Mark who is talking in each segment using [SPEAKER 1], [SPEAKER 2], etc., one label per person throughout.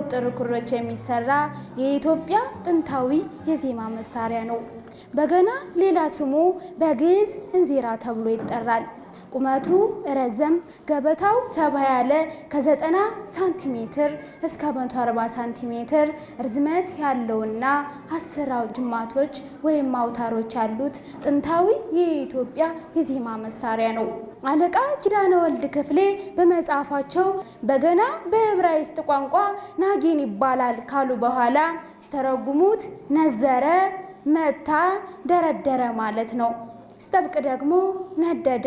[SPEAKER 1] በተወጠሩ ክሮች የሚሰራ የኢትዮጵያ ጥንታዊ የዜማ መሳሪያ ነው። በገና ሌላ ስሙ በግዕዝ እንዚራ ተብሎ ይጠራል። ቁመቱ ረዘም፣ ገበታው ሰፋ ያለ ከ90 ሳንቲሜትር እስከ 140 ሳንቲሜትር ርዝመት ያለውና አስር ጅማቶች ወይም አውታሮች ያሉት ጥንታዊ የኢትዮጵያ የዜማ መሳሪያ ነው። አለቃ ኪዳነ ወልድ ክፍሌ በመጽሐፋቸው በገና በዕብራይስጥ ቋንቋ ናጌን ይባላል ካሉ በኋላ ሲተረጉሙት ነዘረ፣ መታ፣ ደረደረ ማለት ነው። ሲጠብቅ ደግሞ ነደደ፣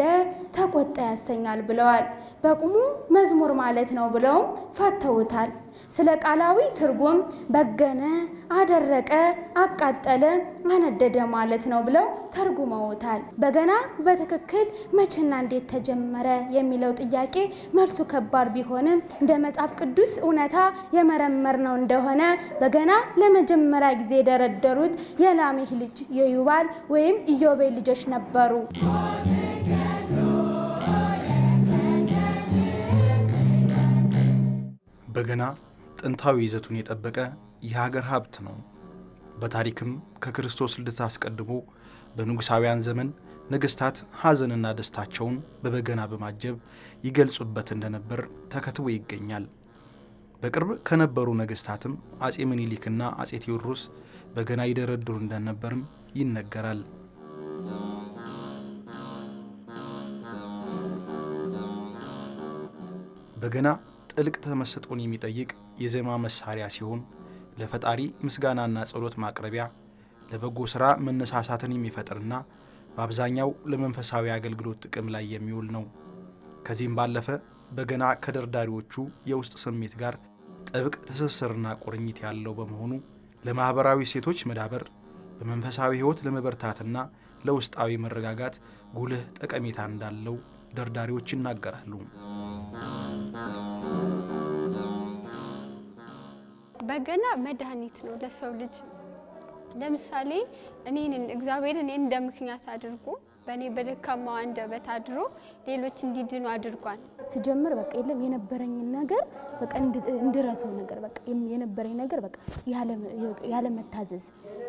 [SPEAKER 1] ተቆጣ ያሰኛል ብለዋል። በቁሙ መዝሙር ማለት ነው ብለውም ፈተውታል። ስለ ቃላዊ ትርጉም በገነ፣ አደረቀ፣ አቃጠለ፣ አነደደ ማለት ነው ብለው ተርጉመውታል። በገና በትክክል መቼና እንዴት ተጀመረ የሚለው ጥያቄ መልሱ ከባድ ቢሆንም እንደ መጽሐፍ ቅዱስ እውነታ የመረመርነው እንደሆነ በገና ለመጀመሪያ ጊዜ የደረደሩት የላሜህ ልጅ የዩባል ወይም ኢዮቤ ልጆች ነበሩ።
[SPEAKER 2] በገና ጥንታዊ ይዘቱን የጠበቀ የሀገር ሀብት ነው። በታሪክም ከክርስቶስ ልደት አስቀድሞ በንጉሳውያን ዘመን ነገስታት ሐዘንና ደስታቸውን በበገና በማጀብ ይገልጹበት እንደነበር ተከትቦ ይገኛል። በቅርብ ከነበሩ ነገስታትም አጼ ምኒሊክና አጼ ቴዎድሮስ በገና ይደረድሩ እንደነበርም ይነገራል። በገና ጥልቅ ተመስጦን የሚጠይቅ የዜማ መሳሪያ ሲሆን ለፈጣሪ ምስጋናና ጸሎት ማቅረቢያ፣ ለበጎ ሥራ መነሳሳትን የሚፈጥርና በአብዛኛው ለመንፈሳዊ አገልግሎት ጥቅም ላይ የሚውል ነው። ከዚህም ባለፈ በገና ከደርዳሪዎቹ የውስጥ ስሜት ጋር ጥብቅ ትስስርና ቁርኝት ያለው በመሆኑ ለማኅበራዊ ሴቶች መዳበር በመንፈሳዊ ሕይወት ለመበርታትና ለውስጣዊ መረጋጋት ጉልህ ጠቀሜታ እንዳለው ደርዳሪዎች ይናገራሉ።
[SPEAKER 1] በገና መድኃኒት ነው ለሰው ልጅ። ለምሳሌ እኔን እግዚአብሔር እኔን እንደ ምክንያት አድርጎ በእኔ በደካማ አንደበት አድሮ ሌሎች እንዲድኑ አድርጓል። ስጀምር በቃ የለም የነበረኝ ነገር በቃ እንድረሰው ነገር በቃ የነበረኝ ነገር በቃ ያለ መታዘዝ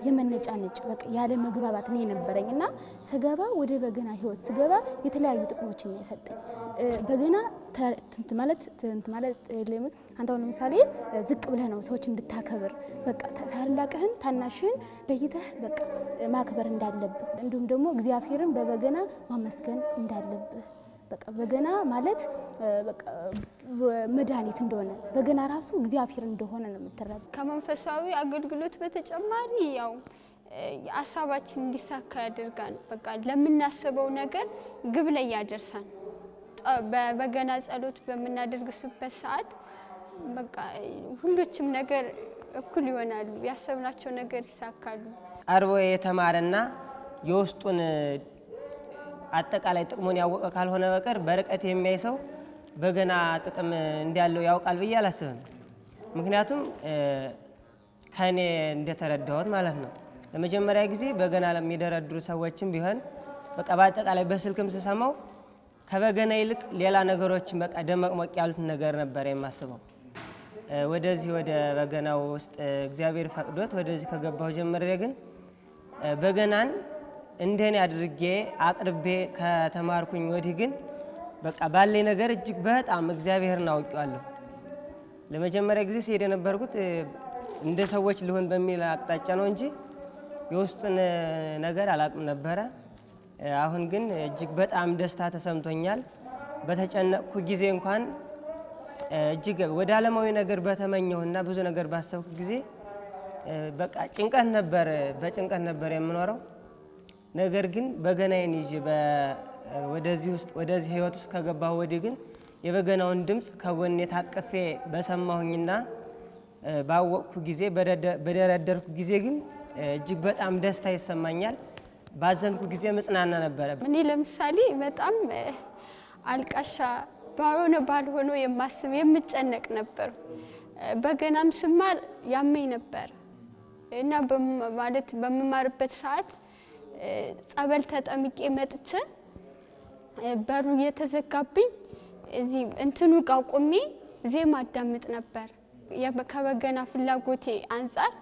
[SPEAKER 1] የመነጫ ነጭ በቃ ያለ መግባባት ነው የነበረኝ እና ስገባ ወደ በገና ህይወት ስገባ የተለያዩ ጥቅሞችን ነው የሰጠኝ። በገና ማለት ትንት ማለት አንተ አሁን ለምሳሌ ዝቅ ብለህ ነው ሰዎች እንድታከብር በቃ ታላቅህን ታናሽህን ለይተህ በቃ ማክበር እንዳለብህ እንዲሁም ደግሞ እግዚአብሔርን በበገና ማመስገን እንዳለብህ በቃ በገና ማለት መድኃኒት እንደሆነ በገና ራሱ እግዚአብሔር እንደሆነ ነው የምትረዳው። ከመንፈሳዊ አገልግሎት በተጨማሪ ያው ሀሳባችን እንዲሳካ ያደርጋል። በቃ ለምናስበው ነገር ግብ ላይ ያደርሳል። በገና ጸሎት በምናደርግስበት ሰዓት በቃ ሁሎችም ነገር እኩል ይሆናሉ። ያሰብናቸው ነገር ይሳካሉ።
[SPEAKER 3] ቀርቦ የተማረና የውስጡን አጠቃላይ ጥቅሙን ያወቀ ካልሆነ በቀር በርቀት የሚያይ ሰው በገና ጥቅም እንዳለው ያውቃል ብዬ አላስብም። ምክንያቱም ከእኔ እንደተረዳሁት ማለት ነው ለመጀመሪያ ጊዜ በገና ለሚደረድሩ ሰዎችም ቢሆን በቃ በአጠቃላይ በስልክም ስሰማው ከበገና ይልቅ ሌላ ነገሮችን በቃ ደመቅሞቅ ያሉት ነገር ነበር የማስበው። ወደዚህ ወደ በገናው ውስጥ እግዚአብሔር ፈቅዶት ወደዚህ ከገባሁ ጀምሬ ግን በገናን እንደኔ አድርጌ አቅርቤ ከተማርኩኝ ወዲህ ግን በቃ ባለኝ ነገር እጅግ በጣም እግዚአብሔርን አውቀዋለሁ። ለመጀመሪያ ጊዜ ሲሄድ የነበርኩት እንደ ሰዎች ልሆን በሚል አቅጣጫ ነው እንጂ የውስጡን ነገር አላቅም ነበረ። አሁን ግን እጅግ በጣም ደስታ ተሰምቶኛል። በተጨነቅኩ ጊዜ እንኳን እጅግ ወደ ዓለማዊ ነገር በተመኘሁና ብዙ ነገር ባሰብኩ ጊዜ በቃ ጭንቀት ነበር፣ በጭንቀት ነበር የምኖረው። ነገር ግን በገናዬን ይዤ ወደዚህ ውስጥ ወደዚህ ህይወት ውስጥ ከገባሁ ወዲህ ግን የበገናውን ድምፅ ከጎኔ ታቅፌ በሰማሁኝና ባወቅኩ ጊዜ በደረደርኩ ጊዜ ግን እጅግ በጣም ደስታ ይሰማኛል። ባዘንኩ ጊዜ መጽናና ነበረ።
[SPEAKER 1] እኔ ለምሳሌ በጣም አልቃሻ ባልሆነ ባልሆነ የማስብ የምጨነቅ ነበር። በገናም ስማር ያመኝ ነበር እና ማለት በምማርበት ሰዓት ጸበል ተጠምቄ መጥቼ በሩ እየተዘጋብኝ እዚህ እንትኑ ጋር ቆሜ ዜማ አዳምጥ ነበር። ከበገና ፍላጎቴ አንጻር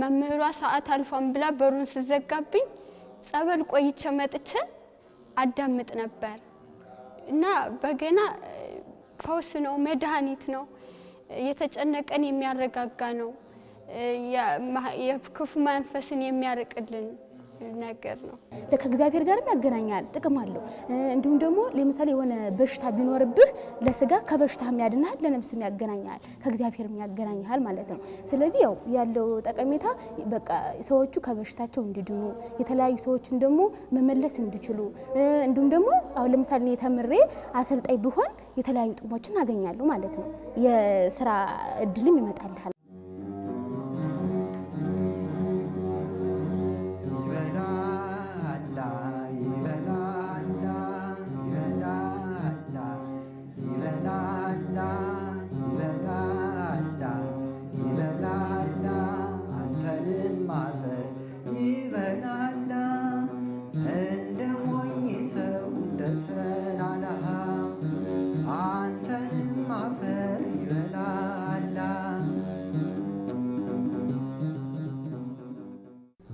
[SPEAKER 1] መምህሯ ሰዓት አልፏን ብላ በሩን ስዘጋብኝ ጸበል ቆይቼ መጥቼ አዳምጥ ነበር እና በገና ፈውስ ነው፣ መድኃኒት ነው፣ የተጨነቀን የሚያረጋጋ ነው፣ የክፉ መንፈስን የሚያርቅልን ነገር ነው። ከእግዚአብሔር ጋርም ያገናኛል፣ ጥቅም አለው። እንዲሁም ደግሞ ለምሳሌ የሆነ በሽታ ቢኖርብህ ለስጋ ከበሽታ ያድናል፣ ለነፍስም ያገናኛል፣ ከእግዚአብሔርም ያገናኛል ማለት ነው። ስለዚህ ያው ያለው ጠቀሜታ በቃ ሰዎቹ ከበሽታቸው እንዲድኑ የተለያዩ ሰዎችን ደግሞ መመለስ እንዲችሉ እንዲሁም ደግሞ አሁን ለምሳሌ የተምሬ አሰልጣኝ ብሆን የተለያዩ ጥቅሞችን አገኛለሁ ማለት ነው። የስራ እድልም ይመጣልሃል።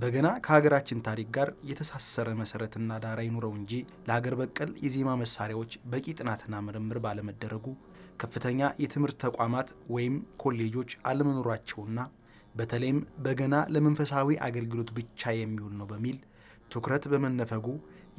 [SPEAKER 2] በገና ከሀገራችን ታሪክ ጋር የተሳሰረ መሰረትና ዳራ ይኑረው እንጂ ለሀገር በቀል የዜማ መሳሪያዎች በቂ ጥናትና ምርምር ባለመደረጉ ከፍተኛ የትምህርት ተቋማት ወይም ኮሌጆች አለመኖራቸውና በተለይም በገና ለመንፈሳዊ አገልግሎት ብቻ የሚውል ነው በሚል ትኩረት በመነፈጉ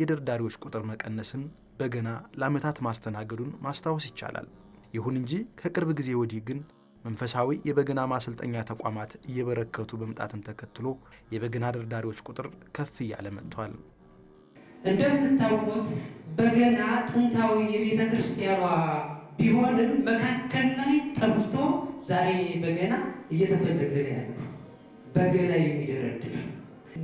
[SPEAKER 2] የደርዳሪዎች ቁጥር መቀነስን በገና ለዓመታት ማስተናገዱን ማስታወስ ይቻላል። ይሁን እንጂ ከቅርብ ጊዜ ወዲህ ግን መንፈሳዊ የበገና ማሰልጠኛ ተቋማት እየበረከቱ መምጣትን ተከትሎ የበገና ደርዳሪዎች ቁጥር ከፍ እያለ መጥቷል።
[SPEAKER 4] እንደምታውቁት በገና ጥንታዊ የቤተ ክርስቲያኗ ቢሆንም መካከል ላይ ጠፍቶ ዛሬ በገና እየተፈለገ ያለ በገና የሚደረድር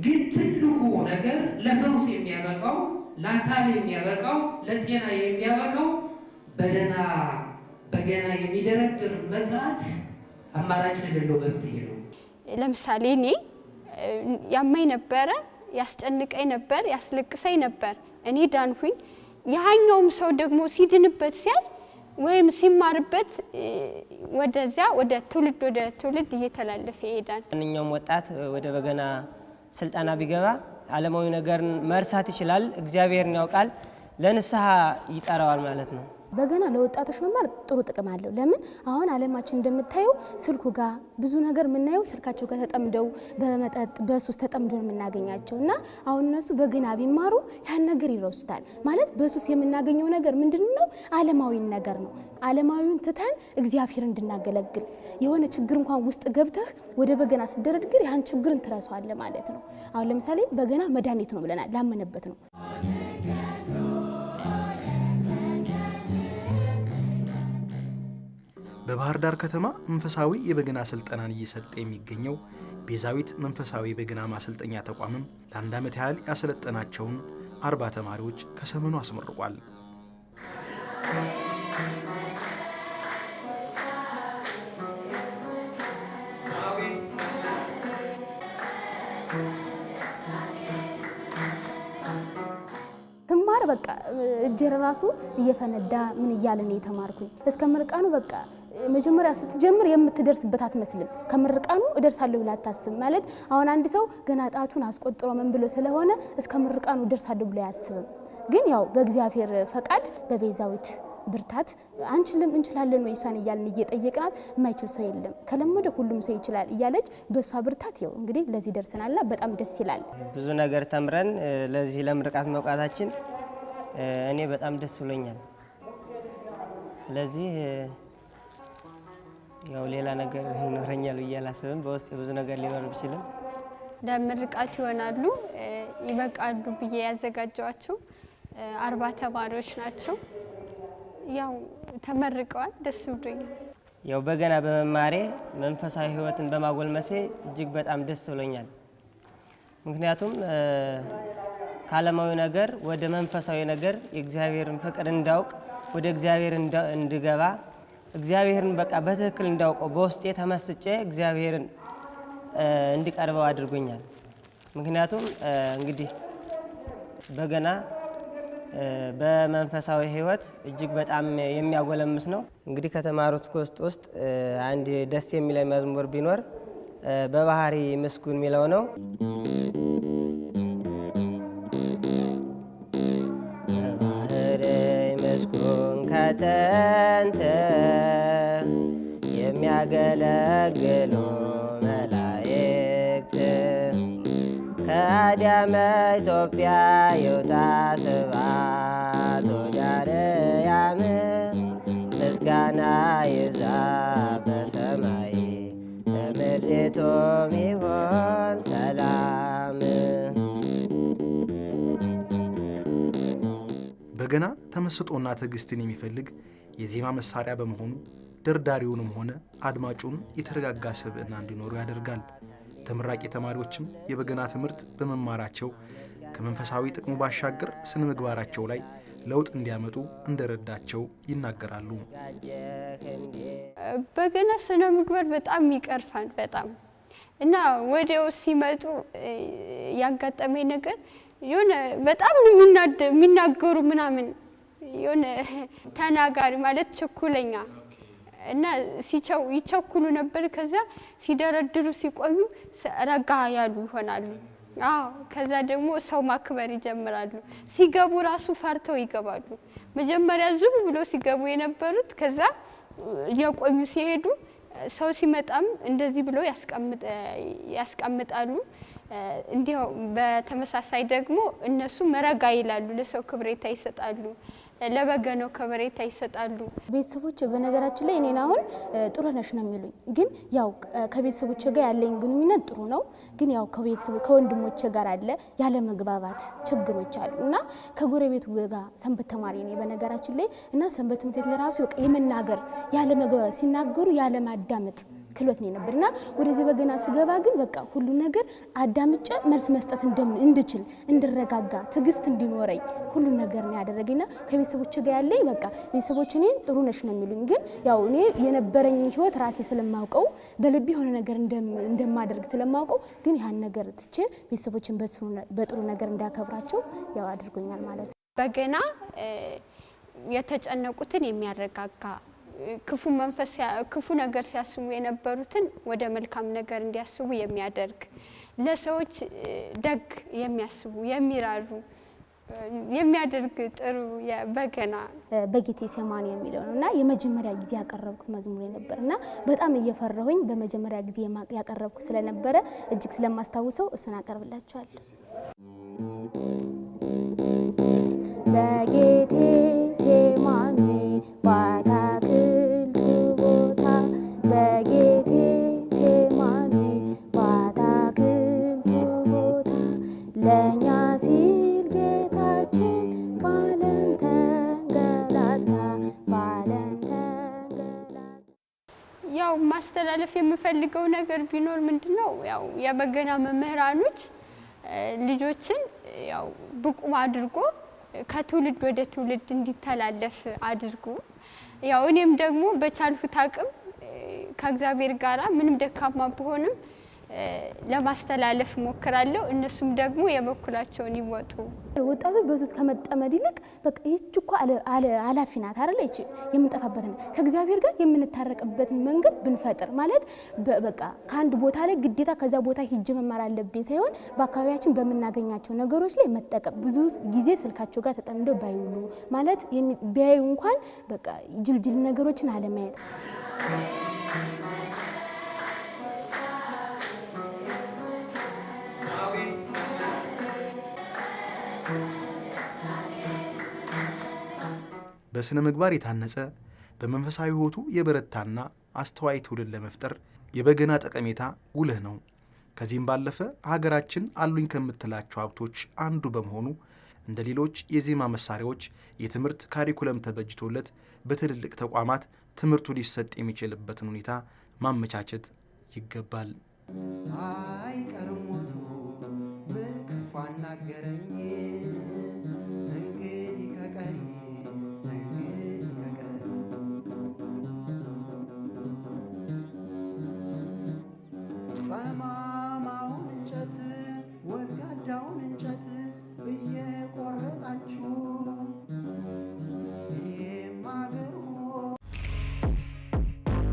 [SPEAKER 4] ግን ትልቁ ነገር ለፈውስ የሚያበቃው ለአካል የሚያበቃው ለጤና የሚያበቃው በደህና በገና የሚደረድር መጥራት አማራጭ ለሌለው መፍትሄ ነው።
[SPEAKER 1] ለምሳሌ እኔ ያማኝ ነበረ፣ ያስጨንቀኝ ነበር፣ ያስለቅሰኝ ነበር። እኔ ዳንሁኝ። ያኛውም ሰው ደግሞ ሲድንበት ሲያል ወይም ሲማርበት ወደዚያ ወደ ትውልድ ወደ ትውልድ እየተላለፈ ይሄዳል።
[SPEAKER 3] ማንኛውም ወጣት ወደ በገና ስልጠና ቢገባ ዓለማዊ ነገርን መርሳት ይችላል። እግዚአብሔርን ያውቃል፣ ለንስሐ ይጠራዋል ማለት ነው።
[SPEAKER 1] በገና ለወጣቶች መማር ጥሩ ጥቅም አለው። ለምን አሁን አለማችን እንደምታየው ስልኩ ጋር ብዙ ነገር የምናየው ስልካቸው ጋር ተጠምደው በመጠጥ በሱስ ነው የምናገኛቸው እና አሁን እነሱ በገና ቢማሩ ያን ነገር ይረሱታል። ማለት በሱስ የምናገኘው ነገር ምንድን ነው? አለማዊን ነገር ነው። አለማዊውን ትተን እግዚአብሔር እንድናገለግል የሆነ ችግር እንኳን ውስጥ ገብተህ ወደ በገና ስደረድግር ያን ችግርን ትረሷዋለ ማለት ነው። አሁን ለምሳሌ በገና መድኃኒት ነው ብለናል። ላመነበት ነው
[SPEAKER 2] በባህር ዳር ከተማ መንፈሳዊ የበገና ስልጠናን እየሰጠ የሚገኘው ቤዛዊት መንፈሳዊ በገና ማሰልጠኛ ተቋምም ለአንድ ዓመት ያህል ያሰለጠናቸውን አርባ ተማሪዎች ከሰሞኑ አስመርቋል።
[SPEAKER 1] ትማር በቃ እጅ ራሱ እየፈነዳ ምን እያለ ነው የተማርኩኝ እስከ ምርቃኑ በቃ መጀመሪያ ስትጀምር የምትደርስበት አትመስልም። ከምርቃኑ እደርሳለሁ ብላ አታስብ ማለት አሁን አንድ ሰው ገና ጣቱን አስቆጥሮ ምን ብሎ ስለሆነ እስከ ምርቃኑ እደርሳለሁ ብሎ አያስብም። ግን ያው በእግዚአብሔር ፈቃድ በቤዛዊት ብርታት አንችልም እንችላለን ወይ እሷን እያልን እየጠየቅናት የማይችል ሰው የለም ከለመደ ሁሉም ሰው ይችላል እያለች በእሷ ብርታት ያው እንግዲህ ለዚህ ደርሰናልና በጣም ደስ ይላል።
[SPEAKER 3] ብዙ ነገር ተምረን ለዚህ ለምርቃት መብቃታችን እኔ በጣም ደስ ብሎኛል። ስለዚህ ያው ሌላ ነገር ይኖረኛል ብዬ አላስብም። በውስጥ ብዙ ነገር ሊኖር ቢችልም
[SPEAKER 1] ለምርቃት ይሆናሉ ይበቃሉ ብዬ ያዘጋጀዋችሁ አርባ ተማሪዎች ናቸው። ያው ተመርቀዋል። ደስ ብሎኛል።
[SPEAKER 3] ያው በገና በመማሬ መንፈሳዊ ሕይወትን በማጎልመሴ እጅግ በጣም ደስ ብሎኛል። ምክንያቱም ከዓለማዊ ነገር ወደ መንፈሳዊ ነገር የእግዚአብሔርን ፍቅር እንዳውቅ ወደ እግዚአብሔር እንድገባ እግዚአብሔርን በቃ በትክክል እንዳውቀው በውስጤ ተመስጬ እግዚአብሔርን እንዲቀርበው አድርጎኛል። ምክንያቱም እንግዲህ በገና በመንፈሳዊ ሕይወት እጅግ በጣም የሚያጎለምስ ነው። እንግዲህ ከተማሩት ኮስት ውስጥ አንድ ደስ የሚለኝ መዝሙር ቢኖር በባህሪ ምስጉን የሚለው ነው። በባህሪ ምስጉን ያገለግሉ መላእክት ከአዳመ ኢትዮጵያ
[SPEAKER 2] ይውጣ ስብሐት ወዳርያም ምስጋና ይዛ በሰማይ ለምድሪቱም ይሆን ሰላም። በገና ተመስጦና ትዕግስትን የሚፈልግ የዜማ መሳሪያ በመሆኑ ደርዳሪውንም ሆነ አድማጩን የተረጋጋ ስብዕና እንዲኖሩ ያደርጋል። ተመራቂ ተማሪዎችም የበገና ትምህርት በመማራቸው ከመንፈሳዊ ጥቅሙ ባሻገር ስነ ምግባራቸው ላይ ለውጥ እንዲያመጡ እንደረዳቸው ይናገራሉ።
[SPEAKER 1] በገና ስነ ምግባር በጣም ይቀርፋል በጣም እና ወዲያው ሲመጡ ያጋጠመኝ ነገር የሆነ በጣም የሚናገሩ ምናምን የሆነ ተናጋሪ ማለት ችኩለኛ እና ሲቸው ይቸኩሉ ነበር። ከዛ ሲደረድሩ ሲቆዩ ረጋ ያሉ ይሆናሉ። አዎ ከዛ ደግሞ ሰው ማክበር ይጀምራሉ። ሲገቡ ራሱ ፈርተው ይገባሉ። መጀመሪያ ዝም ብሎ ሲገቡ የነበሩት ከዛ የቆዩ ሲሄዱ ሰው ሲመጣም እንደዚህ ብሎ ያስቀምጣሉ። እንዲሁ በተመሳሳይ ደግሞ እነሱ መረጋ ይላሉ፣ ለሰው ክብሬታ ይሰጣሉ፣ ለበገነው ክብሬታ ይሰጣሉ። ቤተሰቦች በነገራችን ላይ እኔን አሁን ጥሩ ነሽ ነው የሚሉኝ። ግን ያው ከቤተሰቦች ጋር ያለኝ ግንኙነት ጥሩ ነው። ግን ያው ከወንድሞች ጋር አለ ያለ መግባባት ችግሮች አሉ እና ከጎረቤቱ ጋር ሰንበት ተማሪ ነኝ በነገራችን ላይ እና ሰንበት ምትት ለራሱ የመናገር ያለ መግባባት ሲናገሩ ያለ ማዳመጥ ክሎት ነው ነበር እና ወደዚህ በገና ስገባ ግን በቃ ሁሉ ነገር አዳምጨ መልስ መስጠት እንድችል እንድረጋጋ ትግስት እንዲኖረኝ ሁሉ ነገር ነው ያደረገኝና ከቤተሰቦች ጋር ያለኝ በቃ ቤተሰቦች እኔ ጥሩ ነሽ ነው የሚሉኝ። ግን ያው እኔ የነበረኝ ህይወት ራሴ ስለማውቀው በልቤ የሆነ ነገር እንደማደርግ ስለማውቀው ግን ያን ነገር ትቼ ቤተሰቦችን በጥሩ ነገር እንዳከብራቸው ያው አድርጎኛል ማለት ነው። በገና የተጨነቁትን የሚያረጋጋ ክፉ መንፈስ ክፉ ነገር ሲያስቡ የነበሩትን ወደ መልካም ነገር እንዲያስቡ የሚያደርግ ለሰዎች ደግ የሚያስቡ የሚራሩ የሚያደርግ ጥሩ በገና በጌቴ ሴማኒ የሚለው ነው እና የመጀመሪያ ጊዜ ያቀረብኩት መዝሙር ነበር እና በጣም እየፈራሁኝ በመጀመሪያ ጊዜ ያቀረብኩት ስለነበረ እጅግ ስለማስታውሰው እሱን አቀርብላችኋለሁ። በጌቴ ሴማኒ ባታ ለእኛ ሲል ጌታችን በዓለም ተንገላታ፣ በዓለም ተንገላታ። ያው ማስተላለፍ የምፈልገው ነገር ቢኖር ምንድን ነው ያው የበገና መምህራኖች ልጆችን ያው ብቁ አድርጎ ከትውልድ ወደ ትውልድ እንዲተላለፍ አድርጉ። ያው እኔም ደግሞ በቻልሁት አቅም ከእግዚአብሔር ጋራ ምንም ደካማ ብሆንም ለማስተላለፍ ሞክራለሁ። እነሱም ደግሞ የበኩላቸውን ይወጡ። ወጣቱ በሱስ ከመጠመድ ይልቅ በቃ ይህች እኮ አላፊ ናት አይደል? ይቺ የምንጠፋበት ነው። ከእግዚአብሔር ጋር የምንታረቅበትን መንገድ ብንፈጥር ማለት በቃ ከአንድ ቦታ ላይ ግዴታ ከዛ ቦታ ሂጅ መማር አለብኝ ሳይሆን በአካባቢያችን በምናገኛቸው ነገሮች ላይ መጠቀም። ብዙ ጊዜ ስልካቸው ጋር ተጠምደው ባይውሉ ማለት ቢያዩ እንኳን በቃ ጅልጅል ነገሮችን አለማየት
[SPEAKER 2] በሥነ ምግባር የታነጸ በመንፈሳዊ ሕይወቱ የበረታና አስተዋይ ትውልድ ለመፍጠር የበገና ጠቀሜታ ጉልህ ነው። ከዚህም ባለፈ ሀገራችን አሉኝ ከምትላቸው ሀብቶች አንዱ በመሆኑ እንደ ሌሎች የዜማ መሳሪያዎች የትምህርት ካሪኩለም ተበጅቶለት በትልልቅ ተቋማት ትምህርቱ ሊሰጥ የሚችልበትን ሁኔታ ማመቻቸት ይገባል። አይቀርም ሞቱ ምን ክፉ አናገረኝ